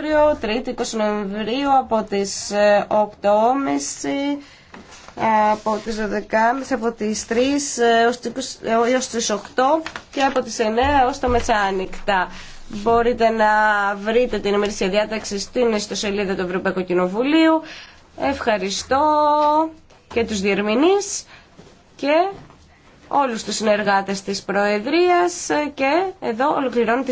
αύριο, 3η 20 Νοεμβρίου από τις 8.30 ε, από τις 12.30 από τις 3 ε, έως τις 8 ε, και από τις 9 έως τα μεσάνυχτα. Μπορείτε να βρείτε την ημερήσια διάταξη στην ιστοσελίδα του Ευρωπαϊκού Κοινοβουλίου. Ευχαριστώ και τους διερμηνείς και όλους τους συνεργάτες της Προεδρίας και εδώ ολοκληρώνω τη